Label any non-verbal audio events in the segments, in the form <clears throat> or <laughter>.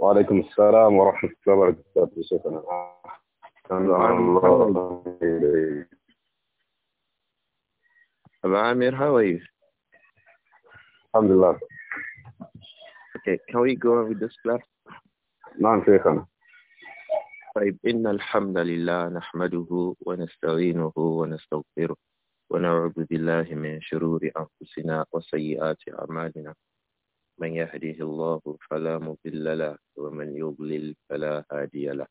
وعليكم السلام ورحمة الله وبركاته شكرا الله أبو عامر how are you? لله Okay, can we go on with this class? نعم شيخنا. طيب إن الحمد لله نحمده ونستعينه ونستغفره ونعوذ بالله من شرور أنفسنا وسيئات أعمالنا من يهده الله فلا مضل له ومن يضلل فلا هادي له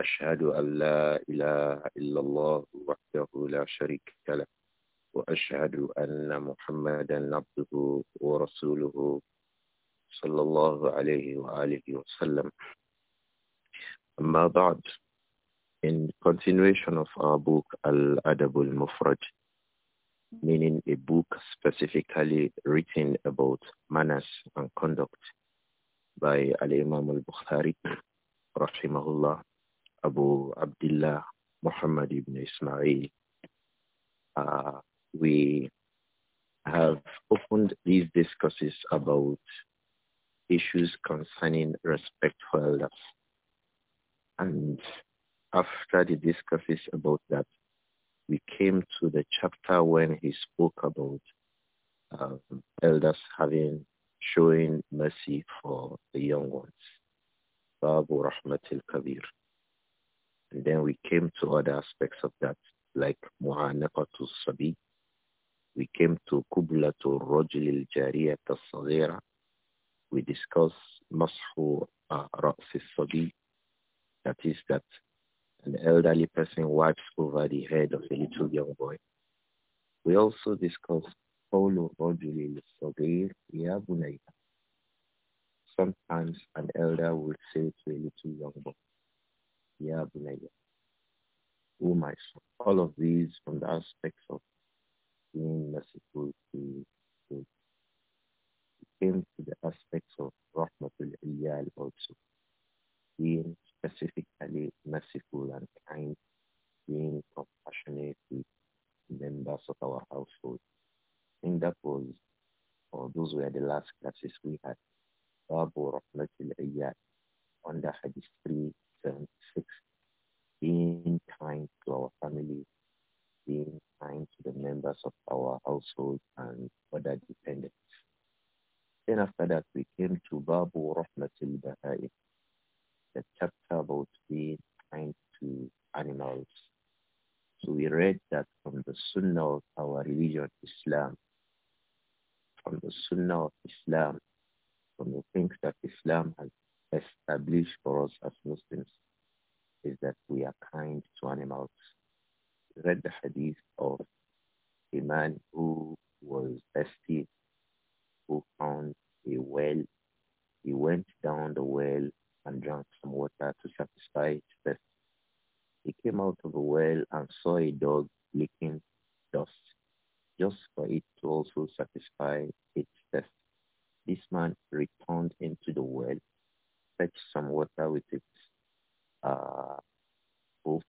أشهد أن لا إله إلا الله وحده لا شريك له وأشهد أن محمدا عبده ورسوله صلى الله عليه وآله وسلم أما بعد in continuation of our book Al-Adab al-Mufraj meaning a book specifically written about manners and conduct by Al-Imam al-Bukhari, rahimahullah, Abu Abdullah Muhammad ibn Ismail. Uh, we have opened these discussions about issues concerning respect for elders. And after the discussions about that, we came to the chapter when he spoke about um, elders having showing mercy for the young ones. Babu Rahmatil Kabir. And then we came to other aspects of that, like Mu'anaqatu Sabi. We came to Kublatu Rajlil Jariyat al We discussed Mashu uh, Ra'si Sabi. That is that an elderly person wipes over the head of a little young boy. We also discussed Paulo Rodriguez Sogir Sometimes an elder would say to a little young boy, Yabunaya, oh my son. All of these from the aspects of being merciful to good. came to the aspects of Rahmatul Iyal also, being specifically merciful and kind, being compassionate with members of our household. I think that was, or those were the last classes we had. Babu Rahmatul Ayyad under Hadith 376, being kind to our family, being kind to the members of our household and other dependents. Then after that, we came to Babu Rahmatul Baha'i, the chapter about being kind to animals. So we read that from the Sunnah of our religion, Islam, from the Sunnah of Islam, from the things that Islam has established for us as Muslims, is that we are kind to animals. We read the hadith of a man who was thirsty, who found a well. He went down the well and drank some water to satisfy its thirst. He came out of the well and saw a dog licking dust, just for it to also satisfy its thirst. This man returned into the well, fetched some water with its uh, hoof,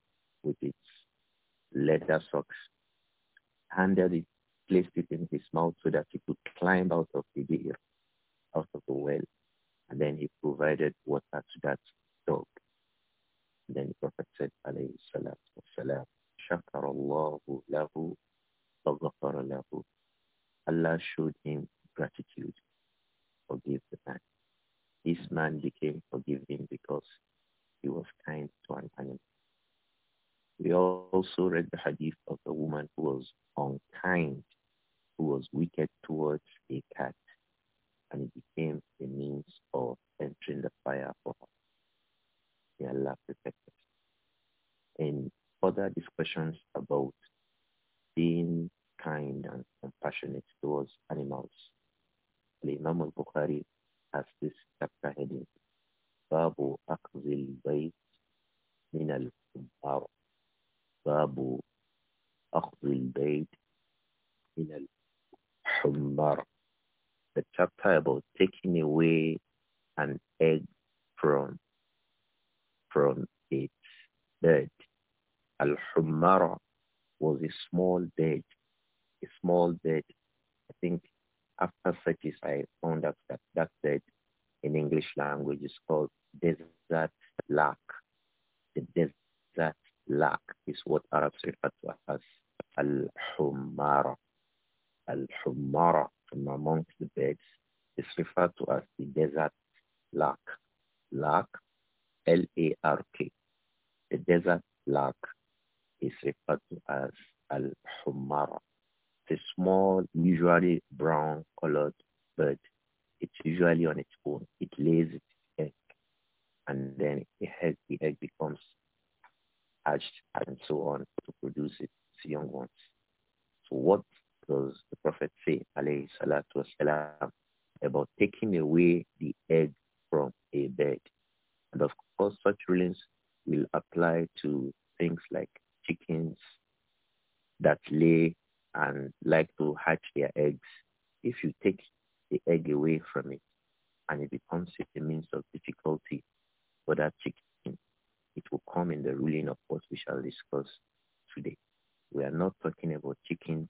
with its leather socks, handed it, placed it in his mouth so that he could climb out of the out of the well, and then he provided water to that dog. And then the Prophet said, alayhi salatu wa salam. اللَّهُ lahu, فَغَفَرَ Allah showed him gratitude. Forgive the man. This man became forgiving because he was kind to an animal. We also read the hadith of the woman who was unkind, who was wicked towards a cat and it became a means of entering the fire for her. May Allah protect us. And other discussions about being kind and compassionate towards animals. The Imam al-Bukhari has this chapter heading, Babu Akzil bait Min al-Kumbaro. Babu bait min al الحمار the chapter about taking away an egg from from its bed. Al-Humara was a small bed, a small bed. I think after searches I found out that that bed in English language is called desert lark. The desert lark is what Arabs refer to as al-humara. Al-humara from amongst the birds is referred to as the desert lark. Lark, L-A-R-K. The desert lark is referred to as al-humara. It's a small, usually brown-colored bird. It's usually on its own. It lays its egg, and then it has, the egg becomes hatched and so on to produce its young ones. So what was the Prophet say, alayhi salatu Wasallam," about taking away the egg from a bird? And of course, such rulings will apply to things like chickens that lay and like to hatch their eggs. If you take the egg away from it and it becomes a means of difficulty for that chicken, it will come in the ruling of what we shall discuss today. We are not talking about chicken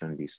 information list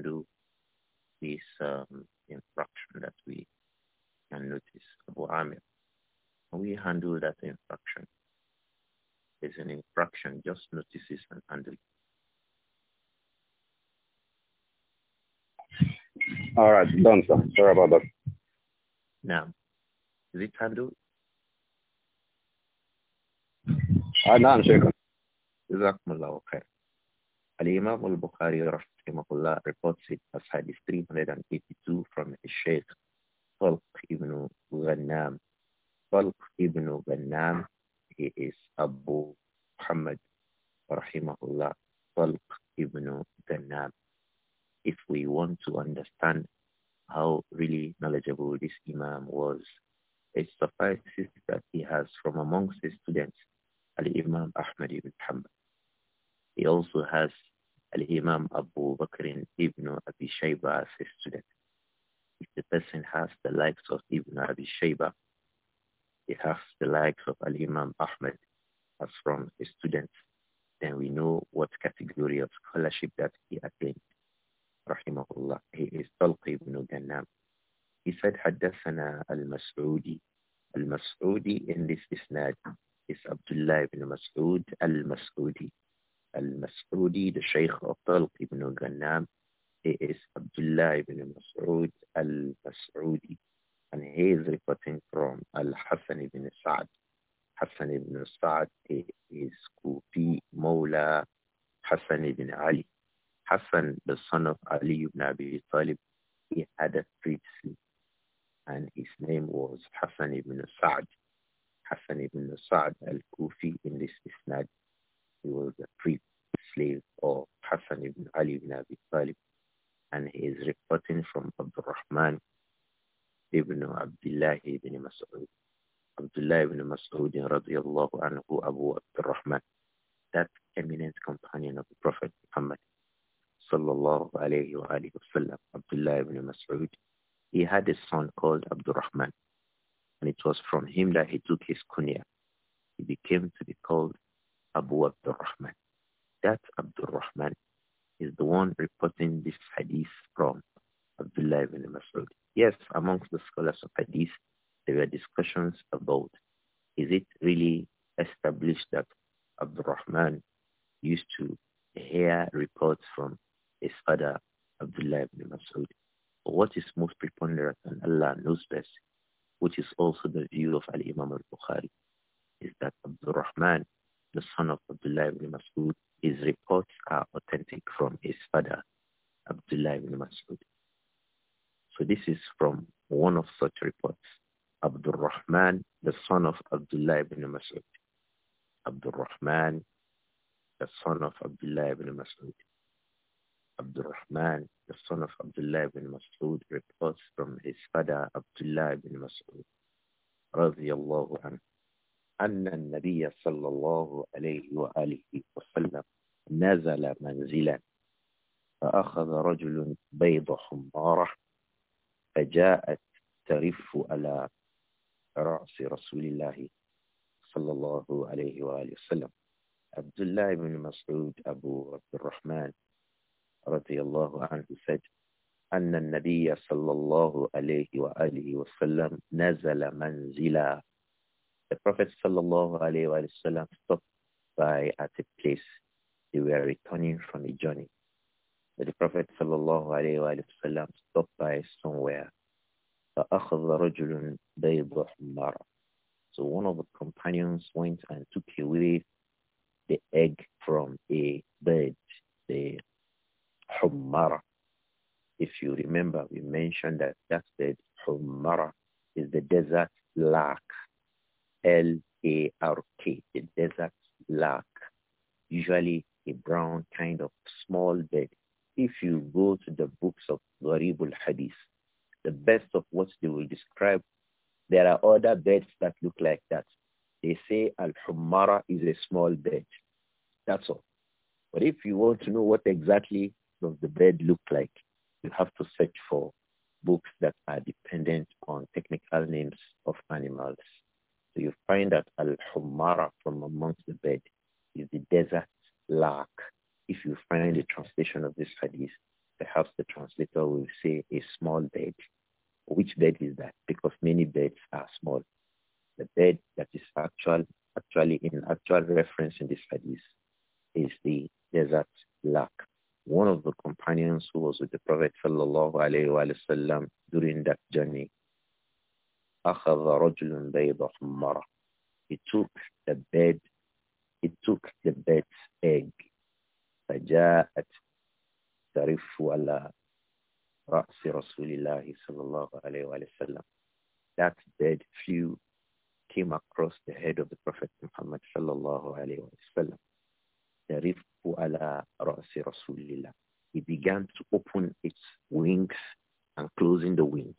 undo this um, infraction that we can notice, Abu Amir. We handle that infraction. It's an infraction, just notices and handle All right, done, sir. Sorry about that. Now, is it handled? Uh, no, I'm sure. Jazakumullah, okay. Al-Imam al-Bukhari rahimahullah reports it as hadith 382 from his Shaykh Talq ibn Ghannam. Talq ibn Ghannam, he is Abu Muhammad rahimahullah. Talq ibn Ghannam. If we want to understand how really knowledgeable this Imam was, it suffices that he has from amongst his students Al-Imam Ahmad ibn Hanbal. He also has Al-Imam Abu Bakr ibn Abi Shayba says to them, if the person has the likes of Ibn Abi Shayba, he has the likes of Al-Imam Ahmed as from his students, then we know what category of scholarship that he attained. Rahimahullah. He is Talq ibn Gannam. He said, al حدثنا al المسعودي in this isnad is Abdullah ibn Mas'ud al-Mas'udi al-Mas'udi, the Shaykh of Talq ibn Ghanam. He is Abdullah ibn Mas'ud al-Mas'udi. And he is reporting from al-Hassan ibn Sa'd. Hassan ibn Sa'd is Kufi Mawla Hassan ibn Ali. Hassan, the son of Ali ibn Abi Talib, he had a street And his name was Hassan ibn Sa'd. Hassan ibn Sa'd al-Kufi in this isnad he was a free slave of Hassan ibn Ali ibn Abi Talib. And he is reporting from Abdurrahman ibn Abdullah ibn Mas'ud. Abdullah ibn Mas'ud radiallahu anhu Abu Abdurrahman. That eminent companion of the Prophet Muhammad sallallahu alayhi wa alayhi wa sallam, Abdullah ibn Mas'ud, he had a son called Abdurrahman. And it was from him that he took his kunya. He became to be called Abu Abdurrahman. That Abdurrahman is the one reporting this hadith from Abdullah ibn Mas'ud. Yes, amongst the scholars of hadith, there were discussions about is it really established that Abdurrahman used to hear reports from his father, Abdullah ibn Mas'ud. what is most preponderant and Allah knows best, which is also the view of Al-Imam al-Bukhari, is that Abdurrahman the son of Abdullah ibn Mas'ud, his reports are authentic from his father, Abdullah ibn Mas'ud. So this is from one of such reports. Abdul Rahman, the son of Abdullah ibn Mas'ud. Abdul Rahman, the son of Abdullah ibn Mas'ud. Abdul Rahman, the son of Abdullah ibn Mas'ud, reports from his father Abdullah ibn Mas'ud, radiallahu anhu. أن النبي صلى الله عليه وآله وسلم نزل منزلا فأخذ رجل بيض حمارة فجاءت ترف على رأس رسول الله صلى الله عليه وآله وسلم عبد الله بن مسعود أبو عبد الرحمن رضي الله عنه said أن النبي صلى الله عليه وآله وسلم نزل منزلا The Prophet sallallahu alaihi wasallam stopped by at a place they were returning from a journey. But the Prophet sallallahu alaihi wasallam stopped by somewhere. So one of the companions went and took away the egg from a bird, the humara. If you remember, we mentioned that that bird, humara, is the desert lark L-A-R-K, the desert lark, usually a brown kind of small bird. If you go to the books of Gharibul Hadith, the best of what they will describe, there are other birds that look like that. They say Al-Humara is a small bird. That's all. But if you want to know what exactly does the bird look like, you have to search for books that are dependent on technical names of animals. So you find that Al-Humara from amongst the bed is the desert lark. If you find the translation of this hadith, perhaps the translator will say a small bed. Which bed is that? Because many beds are small. The bed that is actual, actually in actual reference in this hadith is the desert lark. One of the companions who was with the Prophet sallallahu during that journey أخذ رجل بيض حمرة He took the bed, he took the bed's egg. فجاءت ترف على رأس رسول الله صلى الله عليه وسلم. That bed flew, came across the head of the Prophet Muhammad صلى الله عليه وسلم. ترف على رأس رسول الله. he began to open its wings and closing the wings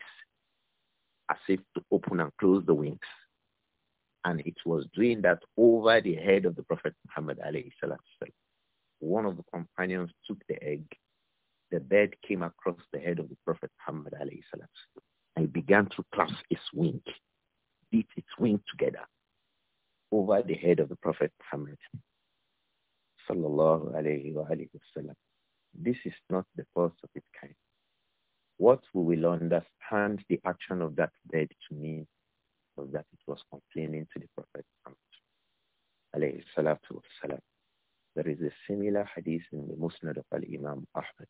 as if to open and close the wings. And it was doing that over the head of the Prophet Muhammad alayhi One of the companions took the egg. The bird came across the head of the Prophet Muhammad alayhi and began to clasp its wing, beat its wing together over the head of the Prophet Muhammad This is not the first of its kind. What we will understand the action of that bird to me was that it was complaining to the Prophet Muhammad. There is a similar hadith in the Musnad of Al-Imam Ahmad.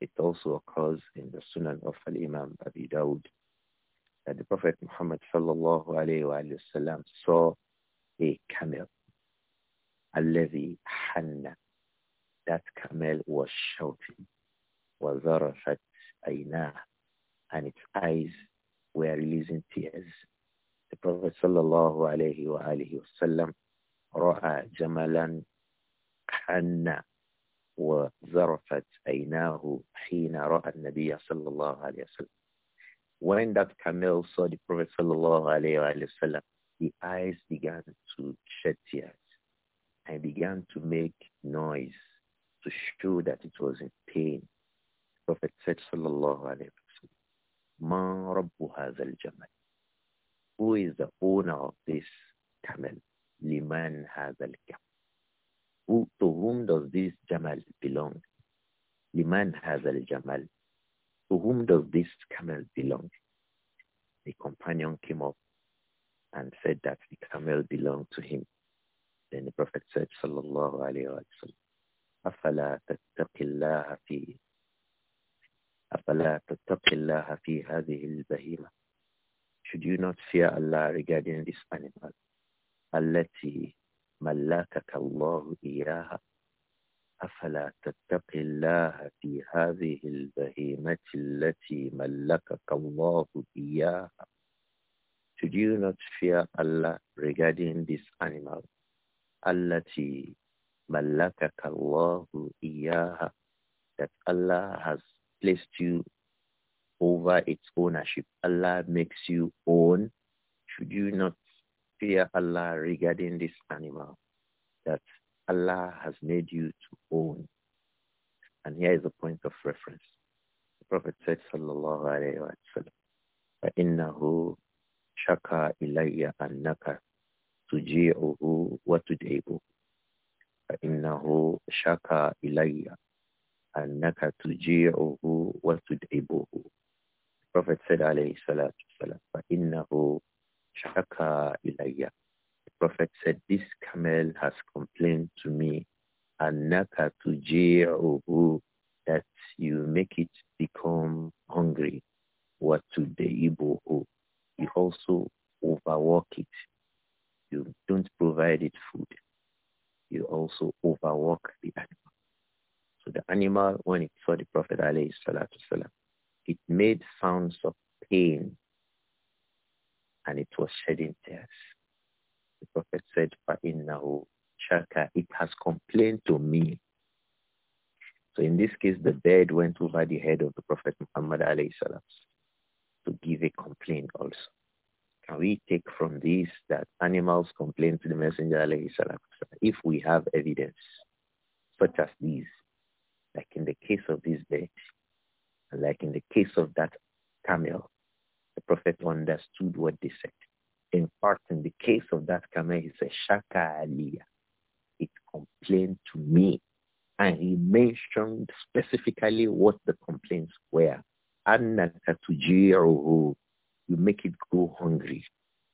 It also occurs in the Sunan of Al-Imam Abi Dawud that the Prophet Muhammad sallallahu regarding this animal. Allati malakaka Allahu iyaha. That Allah has placed you over its ownership. Allah makes you own. Should you not fear Allah regarding this animal that Allah has made you to own? And here is a point of reference. The Prophet said, Sallallahu wa sallam, فَإِنَّهُ شَكَى إِلَيَّ أَنَّكَ تجيعه وتدعبه فإنه شكا إلي أنك تجيعه وتدعبه Prophet said عليه الصلاة والسلام فإنه شكا إلي The Prophet said this camel has complained to me أنك تجيعه that you make it become hungry وتدعبه You also overwork it you don't provide it food, you also overwork the animal. So the animal, when it saw the Prophet alayhi it made sounds of pain and it was shedding tears. The Prophet said, فَإِنَّهُ شَكَى It has complained to me. So in this case, the bird went over the head of the Prophet Muhammad alayhi to give a complaint also. Can we take from this that animals complain to the Messenger if we have evidence such as these, like in the case of this bird, like in the case of that camel, the Prophet understood what they said. In part, in the case of that camel, he said, Shaka Aliyah. It complained to me. And he mentioned specifically what the complaints were. أنك تجيعه you make it go hungry.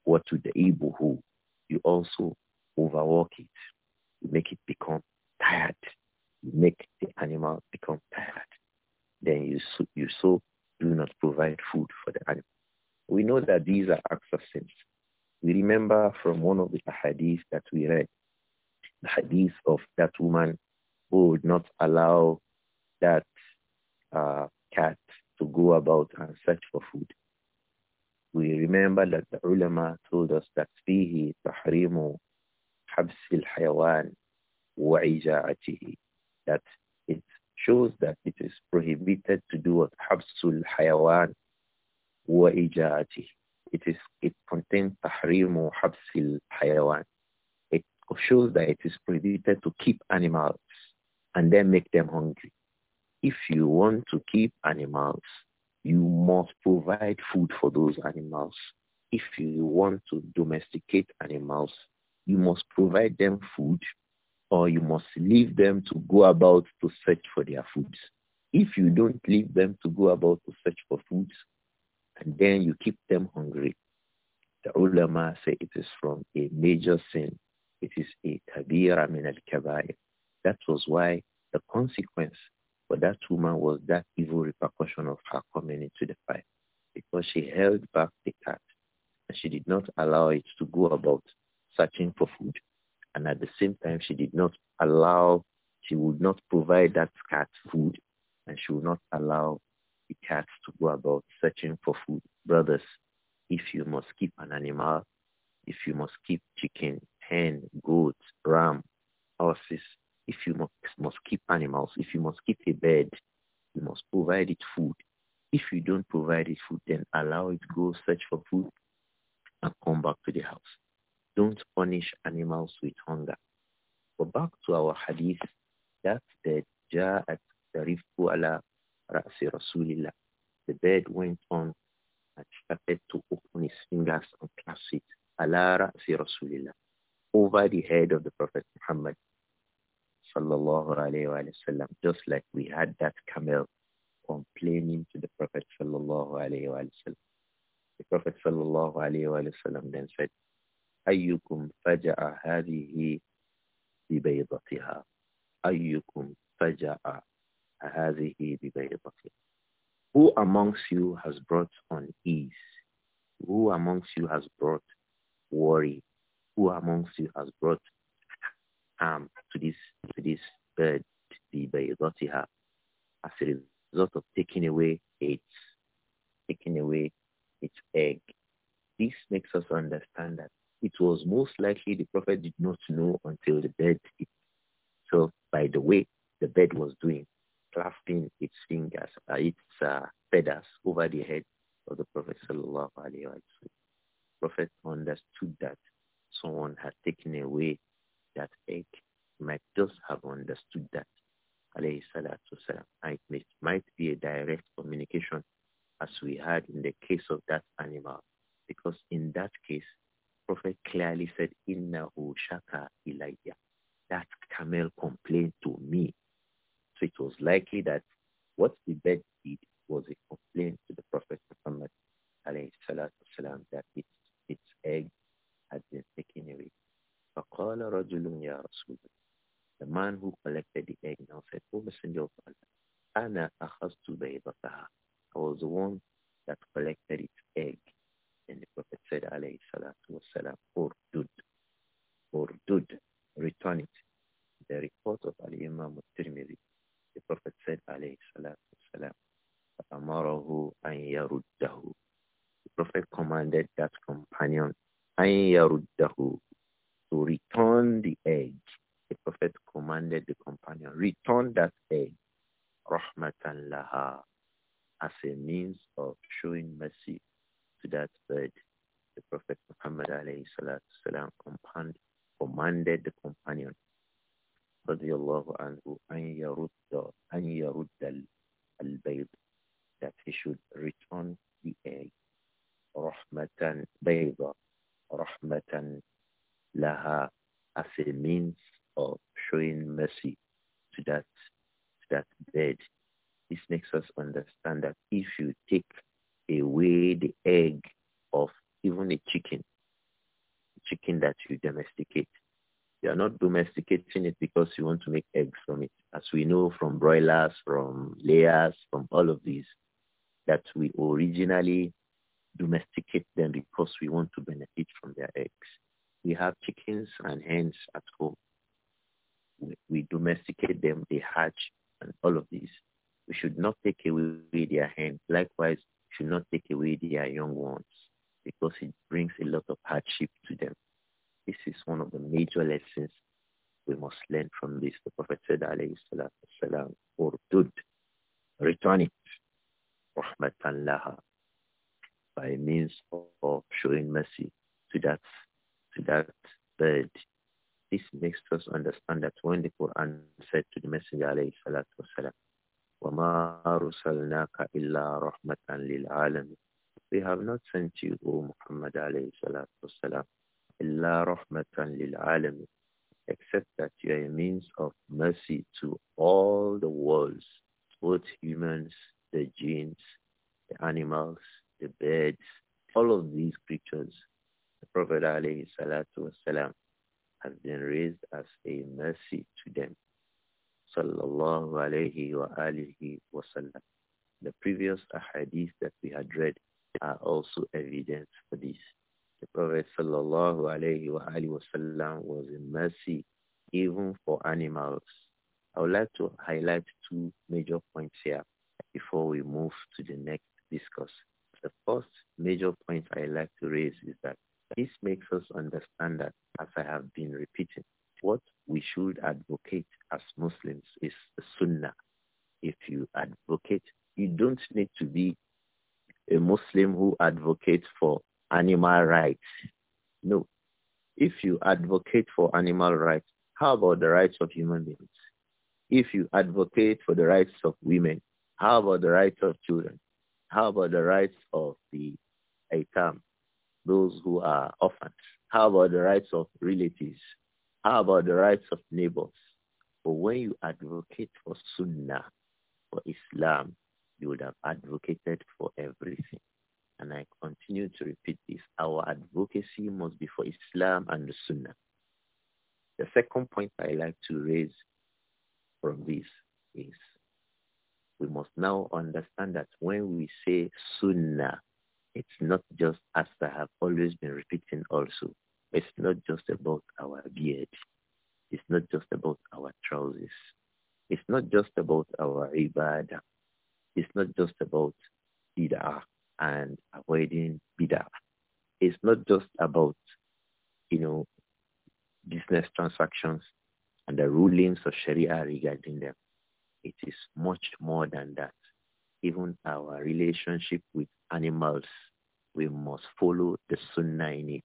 What to the able who you also overwork it. You make it become tired. You make the animal become tired. Then you so, you so do not provide food for the animal. We know that these are acts of sins. We remember from one of the hadiths that we read, the hadith of that woman who would not allow that uh, cat to go about and search for remember that the ulama told us that فيه تحريم حبس الحيوان that it shows that it is prohibited to do what hayawan wa وإجاعته it is it contains tahrimu حبس hayawan. it shows that it is prohibited to keep animals and then make them hungry if you want to keep animals you must provide food for those animals. If you want to domesticate animals, you must provide them food or you must leave them to go about to search for their foods. If you don't leave them to go about to search for foods and then you keep them hungry, the ulama say it is from a major sin. It is a kabira min al-kabair. That was why the consequence for that woman was that evil repercussion of her coming into the fire because she held back the cat and she did not allow it to go about searching for food. And at the same time, she did not allow, she would not provide that cat food and she would not allow the cat to go about searching for food. Brothers, if you must keep an animal, if you must keep chicken, hen, goat, ram, horses, if you must, must keep animals, if you must keep a bed, you must provide it food if you don't provide it food, then allow it go search for food and come back to the house. Don't punish animals with hunger. But back to our hadith, that the Ja'at Tarifu ala Ra'si Rasulillah. The bird went on and started to open his fingers and clasp it. Ala Ra'si Rasulillah. Over the head of the Prophet alayhi then said, Ayyukum faja'a Ayyukum faja'a Who amongst you has brought commanded that companion, أن ali humans, the genes, the animals, the birds, all of these creatures, the Prophet alayhi salatu wasalam has been raised as a mercy to them. Sallallahu alayhi wa alihi wasallam. The previous ahadith that we had read are also evidence for this. The Prophet sallallahu alayhi wa alihi wasallam was a mercy even for animals. I would like to highlight two major points here before we move to the next discourse. The first major point I like to raise is that this makes us understand that, as I have been repeating, what we should advocate as Muslims is the Sunnah. If you advocate, you don't need to be a Muslim who advocates for animal rights. No. If you advocate for animal rights, how about the rights of human beings? If you advocate for the rights of women, how about the rights of children? How about the rights of the Aitam, those who are orphans? How about the rights of relatives? How about the rights of neighbors? But when you advocate for Sunnah, for Islam, you would have advocated for everything. And I continue to repeat this. Our advocacy must be for Islam and the Sunnah. The second point I like to raise from this is we must now understand that when we say sunnah, it's not just as I have always been repeating also. It's not just about our beard. It's not just about our trousers. It's not just about our ibadah. It's not just about bid'ah and avoiding bid'ah. It's not just about, you know, business transactions and the rulings of Sharia regarding them. It is much more than that. Even our relationship with animals, we must follow the sunnah in it.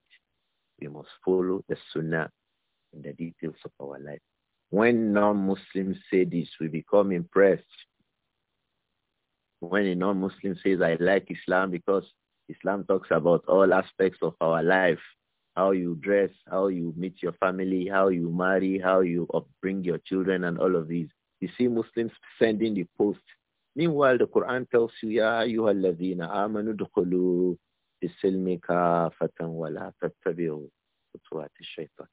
We must follow the sunnah in the details of our life. When non-Muslims say this, we become impressed. When a non-Muslim says, I like Islam because Islam talks about all aspects of our life, how you dress, how you meet your family, how you marry, how you bring your children and all of these. You see Muslims sending the post. Meanwhile, the Quran tells you, Ya ayyuhalladhina amanu dukhulu bisilmi kafatan wa la shaitan.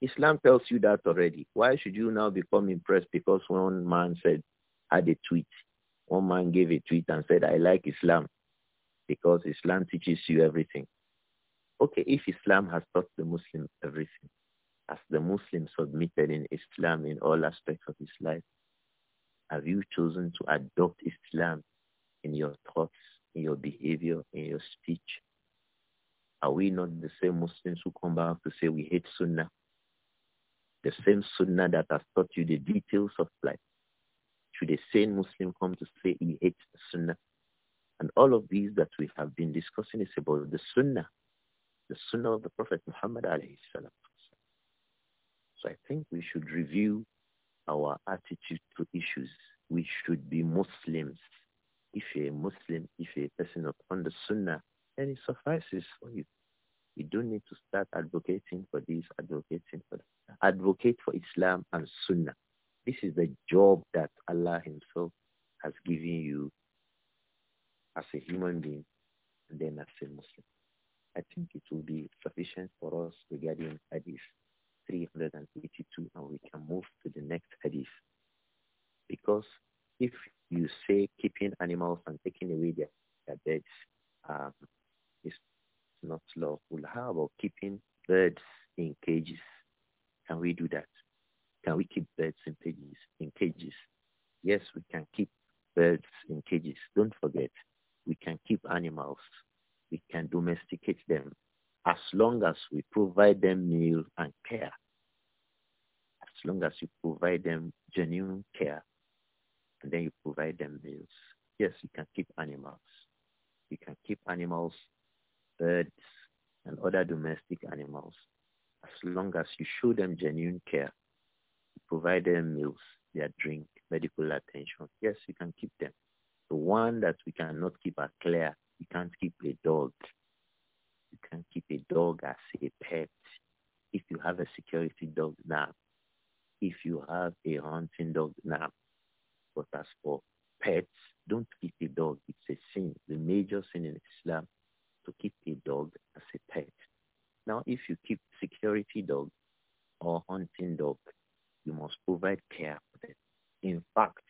Islam tells you that already. Why should you now become impressed because one man said, had a tweet. One man gave a tweet and said, I like Islam because Islam teaches you everything. Okay, if Islam has taught the Muslim everything, as the Muslim submitted in Islam in all aspects of his life, have you chosen to adopt Islam in your thoughts, in your behavior, in your speech? Are we not the same Muslims who come back to say we hate Sunnah? The same Sunnah that has taught you the details of life. Should a sane Muslim come to say he hates Sunnah? And all of these that we have been discussing is about the Sunnah, the Sunnah of the Prophet Muhammad alayhi salam. So I think we should review our attitude to issues. We should be Muslims. If you're a Muslim, if you're a person of under Sunnah, then it suffices for you. You don't need to start advocating for this, advocating for that. Advocate for Islam and Sunnah. This is the job that Allah himself has given you as a human being and then as a Muslim. I think it will be sufficient for us regarding hadith. 382 and we can move to the next hadith. Because if you say keeping animals and taking away their, their beds um, is not lawful, how about keeping birds in cages? Can we do that? Can we keep birds in cages? In cages? Yes, we can keep birds in cages. Don't forget, we can keep animals. We can domesticate them as long as we provide them meal and care. As long as you provide them genuine care, and then you provide them meals. Yes, you can keep animals. You can keep animals, birds, and other domestic animals. As long as you show them genuine care, you provide them meals, their drink, medical attention. Yes, you can keep them. The one that we cannot keep are clear. You can't keep a dog. You can keep a dog as a pet. If you have a security dog now, if you have a hunting dog now, but as for pets, don't keep a dog. It's a sin, the major sin in Islam, to keep a dog as a pet. Now, if you keep security dog or hunting dog, you must provide care for them. In fact,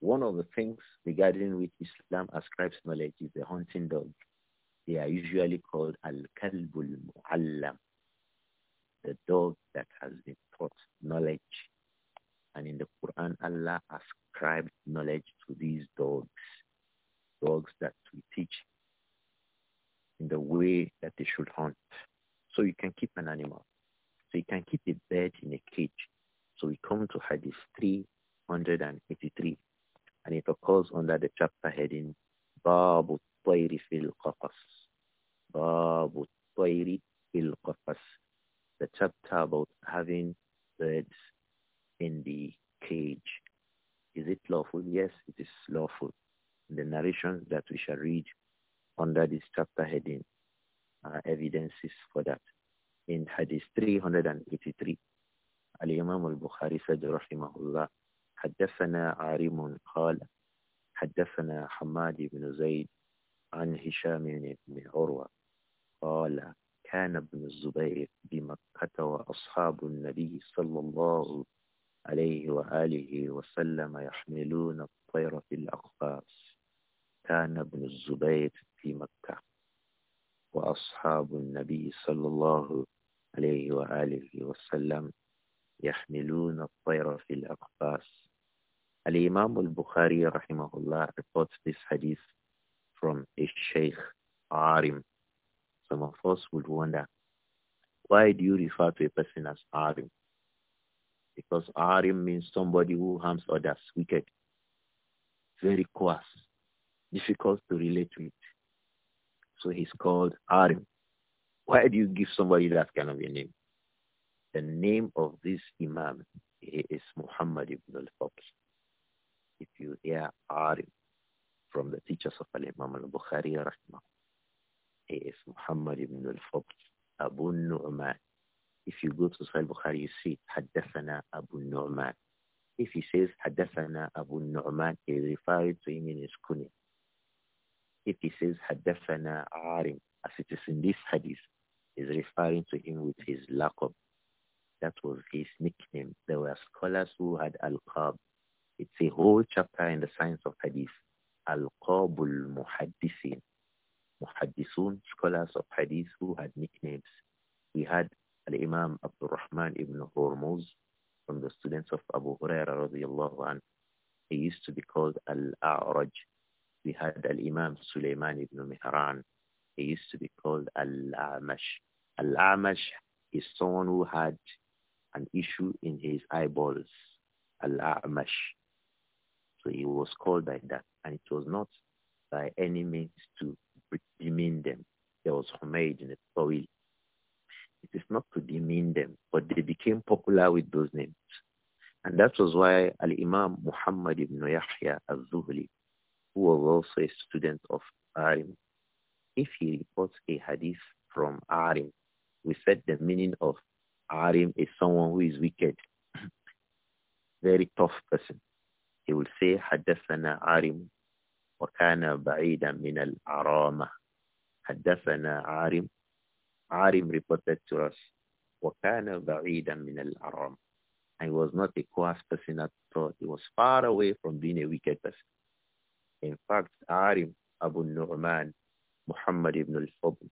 one of the things regarding which Islam ascribes knowledge is the hunting dog. They are usually called al-kalbul mu'allam, the dog that has been taught knowledge. And in the Quran, Allah ascribed knowledge to these dogs, dogs that we teach in the way that they should hunt. So you can keep an animal. So you can keep a bird in a cage. So we come to Hadith 383, and it occurs under the chapter heading Babu Tayri fil Qafas. Babu Tayri Il Qafas, the chapter about having birds in the cage. Is it lawful? Yes, it is lawful. The narrations that we shall read under this chapter heading are evidences for that. In Hadith 383, الإمام البخاري سد said, الله حدثنا عارم قال حدثنا حماد بن زيد عن هشام بن عروة قال كان ابن الزبير بمكة وأصحاب النبي صلى الله عليه وآله وسلم يحملون الطير في الأقفاص كان ابن الزبير في مكة وأصحاب النبي صلى الله عليه وآله وسلم يحملون الطير في الأقفاص الإمام البخاري رحمه الله reports this hadith from a Sheikh Arim some of us would wonder, why do you refer to a person as Arim? Because Arim means somebody who harms others, wicked, very coarse, difficult to relate with. So he's called Arim. Why do you give somebody that kind of a name? The name of this Imam is Muhammad ibn al-Faqih. If you hear Arim from the teachers of Al-Imam al-Bukhari, is Muhammad ibn al-Faqt, Abu Nu'man. If you go to Sahih Bukhari, you see Haddathana Abu Nu'man. If he says Haddathana Abu Nu'man, he is referring to him in his kunya. If he says Haddathana Arim, as it is in this hadith, is referring to him with his laqab. That was his nickname. There were scholars who had al-qab. It's a whole chapter in the science of hadith. Al-qabul muhaddithin muhaddisun, scholars of hadith who had nicknames. We had Al-Imam Abdul Rahman ibn Hormuz from the students of Abu Huraira radiallahu anhu. He used to be called Al-A'raj. We had Al-Imam Sulaiman ibn Mihran. He used to be called Al-Amash. Al-Amash is someone who had an issue in his eyeballs. Al-Amash. So he was called by that. And it was not by any means to demean them. There was homaged in the It is not to demean them, but they became popular with those names. And that was why Al-Imam Muhammad ibn Yahya al Zuhri, who was also a student of Arim, if he reports a hadith from Arim, we said the meaning of Arim is someone who is wicked, <clears throat> very tough person. He will say, حدثنا عارم وكان بعيدا من العرامة حدثنا عارم عارم reported to us وكان بعيدا من الأرام I was not a coarse person at all. He was far away from being a wicked person. In fact, Arim Abu Nu'man, Muhammad ibn al-Fadl,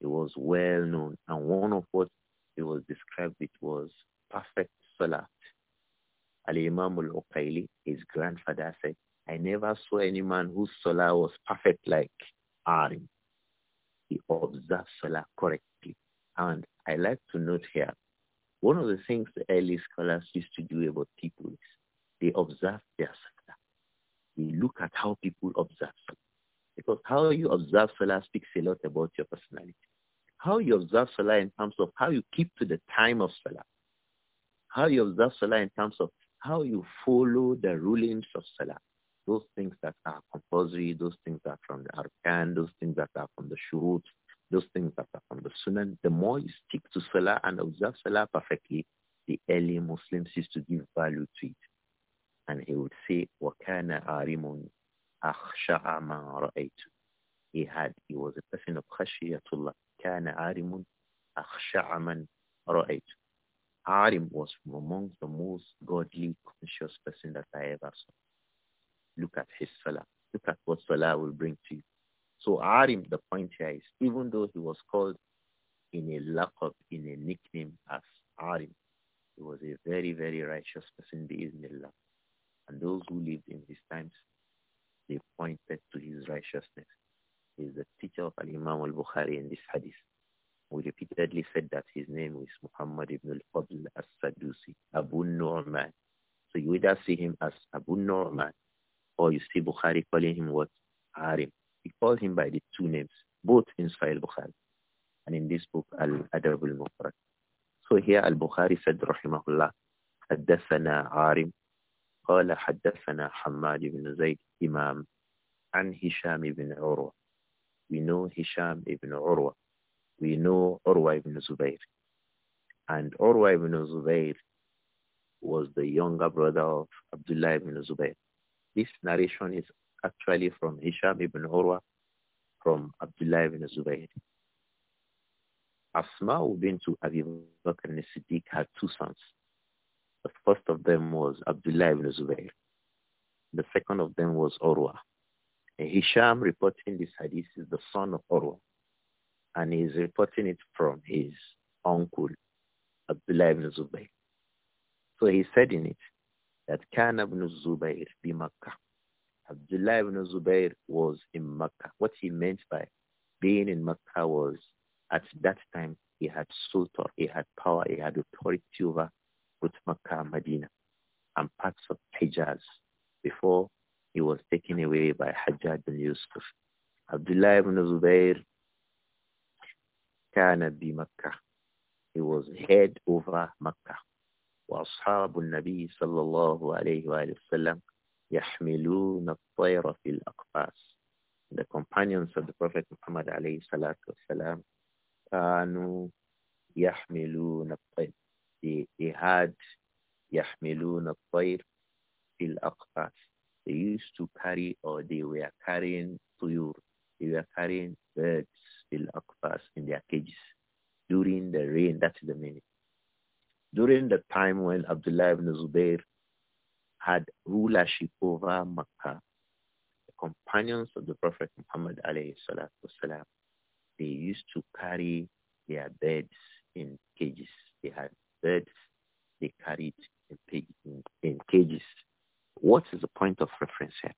he was well known. And one of what he was described it was perfect salat. Al-Imam al-Uqayli, his grandfather said, I never saw any man whose salah was perfect like Arim he observes Salah correctly. And I like to note here, one of the things the early scholars used to do about people is they observe their Salah. They look at how people observe Salah. Because how you observe Salah speaks a lot about your personality. How you observe Salah in terms of how you keep to the time of Salah. How you observe Salah in terms of how you follow the rulings of Salah those things that are compulsory, those things that are from the arkan, those things that are from the shurut, those things that are from the sunnah, the more you stick to salah and observe salah perfectly, the early Muslims used to give value to it. And he would say, وَكَانَ عَارِمٌ أَخْشَعَ مَا رَأَيْتُ He had, he was a person of khashiyatullah. كَانَ عَارِمٌ أَخْشَعَ مَنْ رَأَيْتُ Arim was among the most godly conscious person that I ever saw. Look at his salah. Look at what salah will bring to you. So Arim, the point here is, even though he was called in a laqab, in a nickname as Arim, he was a very, very righteous person, bi'iznillah. And those who lived in his times, they pointed to his righteousness. He is the teacher of Al-Imam al-Bukhari in this hadith. We repeatedly said that his name is Muhammad ibn al-Fadl as-Sadusi, Abu Nu'man. So you either see him as Abu Nu'man or you see Bukhari calling him what? Harim. He calls him by the two names, both in Sahih Bukhari and in this book, Al-Adab al-Mufrad. So here Al-Bukhari said, Rahimahullah, حدثنا عارم قال حدثنا حماد بن زيد إمام عن هشام بن عروة We know Hisham ibn Urwa. We know Urwa ibn Zubayr. And Urwa ibn Zubayr was the younger brother of Abdullah ibn Zubayr. This narration is actually from Hisham ibn Urwa from Abdullah ibn Zubayr. Asma to Abi Bakr and siddiq had two sons. The first of them was Abdullah ibn Zubayr. The second of them was Urwa. And Hisham reporting this hadith is the son of Urwa. And he is reporting it from his uncle, Abdullah ibn Zubayr. So he said in it, that Khan ibn Zubayr Makkah. Abdullah ibn Zubayr was in Makkah. What he meant by being in Makkah was at that time he had sultan, he had power, he had authority over both Makkah and Medina and parts of Hijaz before he was taken away by Hajjaj bin Yusuf. Abdullah ibn Zubayr كان Makkah. He was head over Makkah. وأصحاب النبي صلى الله عليه وآله وسلم يحملون الطير في الأقفاص The companions of the Prophet Muhammad عليه الصلاة والسلام كانوا يحملون الطير They, had يحملون الطير في الأقفاص They used to carry or they were carrying طيور They were carrying birds في الأقفاص in their cages during the rain that's the meaning during the time when Abdullah ibn Zubayr had rulership over Makkah, the companions of the Prophet Muhammad والسلام, they used to carry their beds in cages. They had beds they carried in, in, in cages. What is the point of reference here?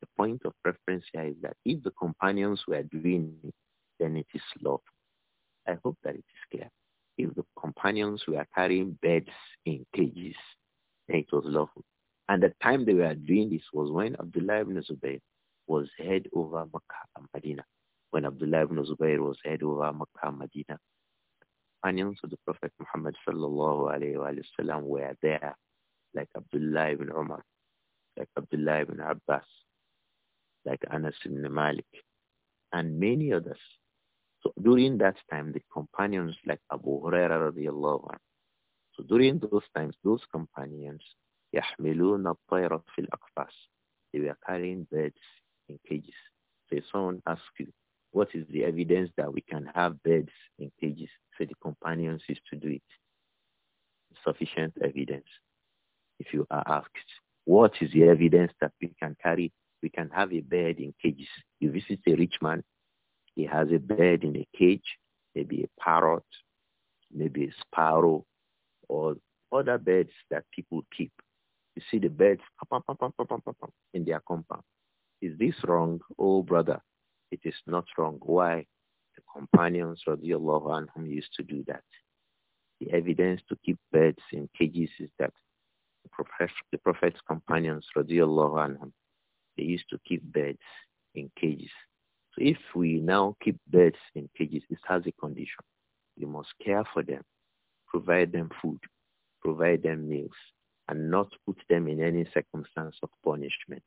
The point of reference here is that if the companions were doing it, then it is love. I hope that it is clear. If the companions were carrying beds in cages, it was lawful. And the time they were doing this was when Abdullah ibn Zubayr was head over Makkah and Medina. When Abdullah ibn Zubayr was head over Makkah and Medina, companions of the Prophet Muhammad sallallahu alayhi wa sallam were there, like Abdullah ibn Umar, like Abdullah ibn Abbas, like Anas ibn Malik, and many others. So during that time, the companions like Abu Huraira radiallahu anh, so during those times, those companions, يَحْمِلُونَ الطَّيْرَ فِي الْأَقْفَاسِ They were carrying birds in cages. So someone asks you, what is the evidence that we can have birds in cages? So the companions used to do it. Sufficient evidence. If you are asked, what is the evidence that we can carry, we can have a bird in cages? You visit a rich man, he has a bird in a cage, maybe a parrot, maybe a sparrow, or other birds that people keep. You see the birds in their compound. Is this wrong, oh brother? It is not wrong. Why? The companions of Allah used to do that. The evidence to keep birds in cages is that the, Prophet, the Prophet's companions, radiallahu anhum, they used to keep birds in cages. So if we now keep birds in cages, it has a condition. You must care for them, provide them food, provide them meals, and not put them in any circumstance of punishment.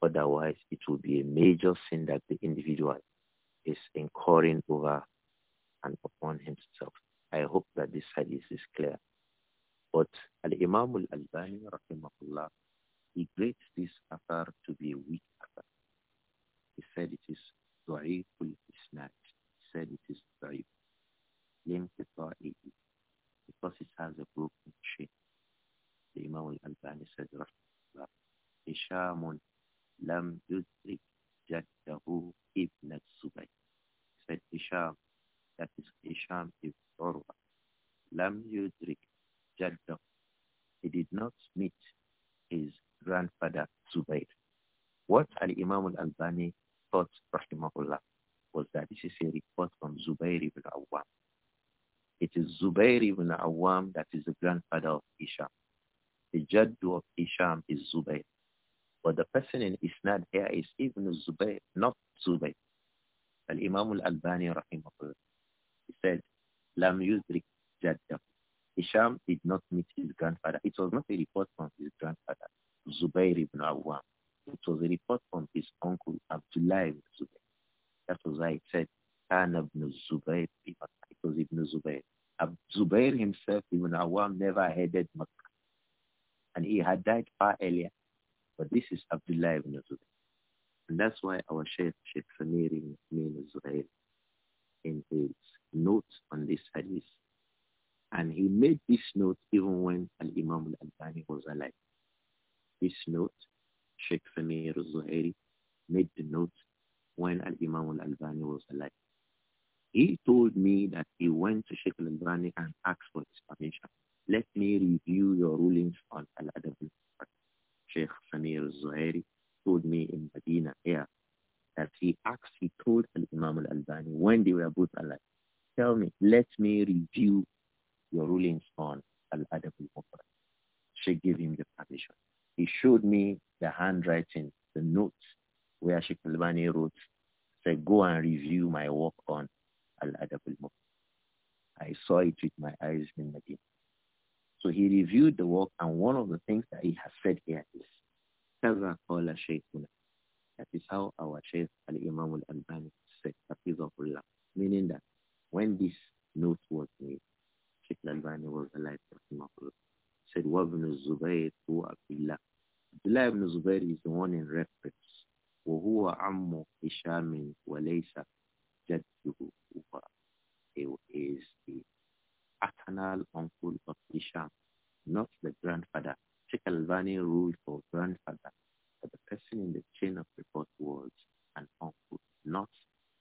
Otherwise, it will be a major sin that the individual is incurring over and upon himself. I hope that this hadith is clear. But Al-Imam Al-Albani, rahimahullah, he grades this affair to be a weak affair. He said it is ضعيف it is He said it is ضعيف. لانقطاعه because it has a broken chain. The Imam al-Albani said رحمه هشام لم يدرك جده ابن Subay." Said Hisham, that is Hisham ibn Urwa. Lam yudrik jaddah. He did not meet his grandfather Zubayr. What Al-Imam Al-Albani thought, rahimahullah, was that this is a report from Zubair ibn Awam. It is Zubair ibn Awam that is the grandfather of Isham. The Jaddu of Isham is Zubair. But the person in Isnad here is Ibn Zubair, not Zubair. Al-Imam al-Albani rahimahullah. He said, Lam yudrik jaddah. Isham did not meet his grandfather. It was not a report from his grandfather, Zubair ibn Awam. It was a report from his uncle Abdullah ibn Zubayr. That was why it said, ibn Zubayr. It was Ibn Zubayr. Zubayr himself, Ibn Awam, never headed Makkah. And he had died far earlier. But this is Abdullah ibn Zubayr. And that's why our Sheikh, Sheikh Samir ibn Zubayr, in his notes on this hadith, and he made this note even when Al-Imam Al-Albani was alive. This note Sheikh Samir al-Zuhairi made the note when Al-Imam al-Albani was alive. He told me that he went to Sheikh al-Albani and asked for his permission. Let me review your rulings on Al-Adab al Sheikh Samir al-Zuhairi told me in Medina here that he asked, he told Al-Imam al-Albani when they were both alive, tell me, let me review your rulings on Al-Adab al-Mufrad. She gave him the permission. He showed me the handwriting, the notes where Sheikh Albani wrote, said, go and review my work on Al-Adab al I saw it with my eyes in Medina. So he reviewed the work, and one of the things that he has said here is, That is how our Shaykh al Al-Imam Al-Albani said, Hafizahullah, meaning that when this note was made, Sheikh Al-Albani was alive, Rahimahullah said Wabn Zubayr to Abdullah. Abdullah ibn Zubayr is the one in reference. وهو he is the paternal uncle of Hisham, not the grandfather. Sheikh Albani ruled for grandfather, but the person in the chain of report was an uncle, not